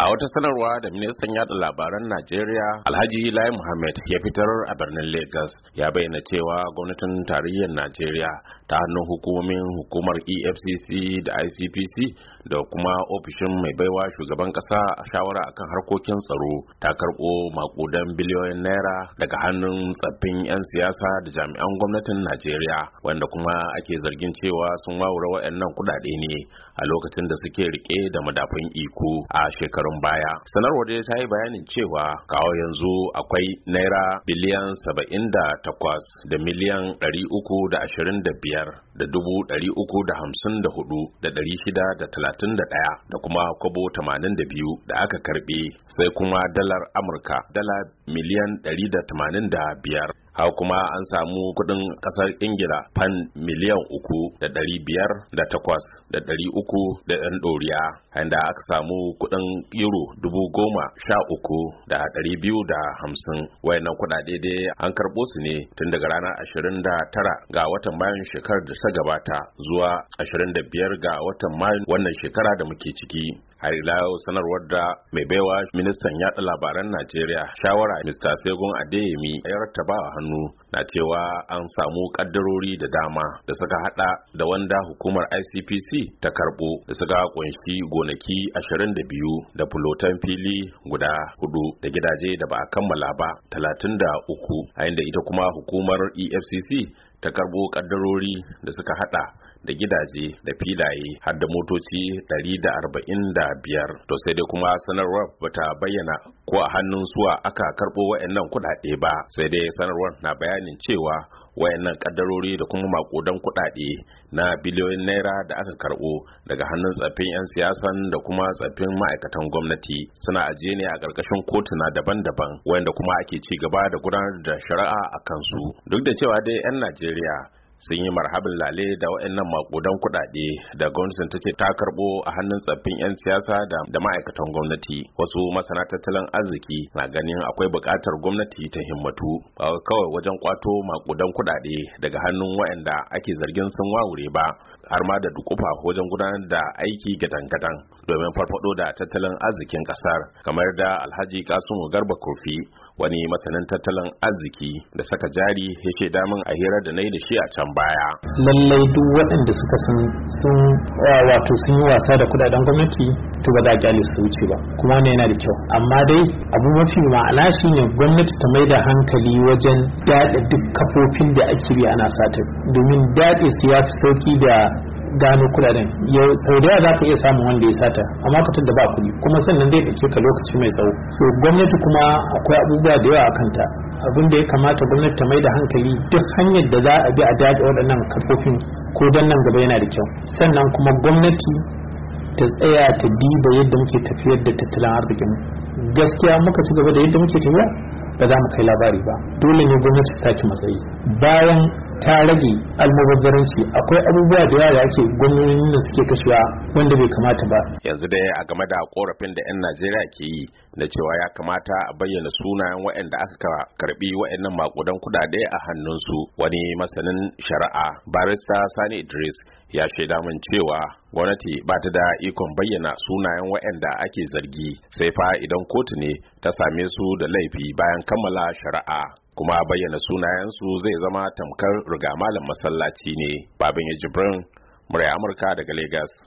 a wata sanarwa da ministan yada labaran najeriya alhaji lai muhammad ya fitar a birnin lagos ya bayyana cewa gwamnatin tarayyar najeriya ta hannun hukumomin hukumar efcc da icpc da kuma ofishin mai baiwa shugaban kasa a shawara akan harkokin tsaro ta karbo makudan biliyoyin naira daga hannun tsaffin 'yan siyasa da jami'an gwamnatin najeriya wanda kuma ake zargin cewa sun wawura waɗannan kudade ne a lokacin da suke rike da madafun iko a shekaru shekarun baya sanarwar dai ta yi bayanin cewa kawo yanzu akwai naira biliyan saba'in da takwas da miliyan ɗari uku da ashirin da biyar da dubu ɗari uku da hamsin da hudu da ɗari shida da talatin da ɗaya da kuma kwabo tamanin da biyu da aka karɓi sai kuma dalar amurka dala miliyan ɗari da tamanin da biyar hau kuma an samu kudin kasar ingila fan miliyan uku da dari biyar da takwas da dari uku da ɗan ɗoriya inda aka samu kudin euro dubu goma sha uku da dari biyu da hamsin wayannan kudade dai an karɓo su ne tun daga ranar ashirin da tara ga watan mayun shekarar da ta gabata zuwa ashirin da biyar ga watan mayun wannan shekara da muke ciki har ila sanarwar da mai baiwa ministan yatsa labaran najeriya shawara mr segun adeyemi ya ba hannu na cewa an samu kaddarori da dama da suka hada da wanda hukumar icpc ta karbo da suka kunshi gonaki 22 da fulotan fili guda hudu da gidaje da ba a kammala ba 33 a inda ita kuma hukumar efcc ta karbo kaddarori da suka hada da gidaje da filaye har da motoci 145 to sai dai kuma sanarwar bata bayyana ko a hannun suwa aka karbo wayannan kudade ba sai dai sanarwar na bayanin cewa wayannan kaddarori da kuma makudan kudade na biliyoyin naira da aka karbo daga hannun tsaffin 'yan siyasan da kuma tsaffin ma'aikatan gwamnati suna ajiye ne a ƙarƙashin kotuna daban-daban wayanda kuma ake ci gaba da gudanar da shari'a a kansu duk da cewa dai 'yan najeriya sun yi marhabin lale da waɗannan makudan kuɗaɗe da gwamnatin ta ce ta karɓo a hannun tsaffin 'yan siyasa da ma'aikatan gwamnati wasu masana tattalin arziki na ganin akwai buƙatar gwamnati ta himmatu ba kawai wajen kwato makudan kuɗaɗe daga hannun waɗanda ake zargin sun wawure ba har ma da dukufa wajen gudanar da aiki gadan-gadan domin farfado da tattalin arzikin ƙasar kamar da alhaji kasumu garba kofi wani masanin tattalin arziki da saka jari ya shaida min a hirar da na yi da shi a can baya lallai duk waɗanda suka san sun eh, wato sun yi wasa da kudaden gwamnati to ba za a su wuce ba kuma ne yana da kyau amma dai abu mafi ma'ana shine gwamnati ta mai da hankali wajen daɗe duk kafofin da ake bi ana satar domin daɗe su ya fi sauki da gano kudaden yau sau da za ka iya samun wanda ya sata amma fitar da ba kuɗi kuma sannan zai ɗauke ka lokaci mai tsawo so gwamnati kuma akwai abubuwa da yawa a kanta abin da ya kamata gwamnati ta mai da hankali duk hanyar da za a bi a daɗe waɗannan kafofin ko don nan gaba yana da kyau sannan kuma gwamnati ta tsaya ta diba yadda muke tafiyar da tattalin arzikin gaskiya muka ci gaba da yadda muke tafiya ba za mu kai labari ba dole ne gwamnati ta ci matsayi bayan ta rage almubabbaranci akwai abubuwa da yawa da ake da suke kashewa wanda bai kamata ba yanzu dai a game da korafin da 'yan najeriya ke yi na cewa ya kamata a bayyana sunayen waɗanda aka karbi waɗannan makudan kuɗaɗe a hannunsu wani masanin shari'a barista sani idris ya shaida min cewa gwamnati ba ta da ikon bayyana sunayen waɗanda ake zargi sai fa idan kotu ne ta same su da laifi bayan kammala shari'a kuma bayyana sunayensu zai zama tamkar riga malam masallaci ne babin ya jibrin murya amurka daga Legas.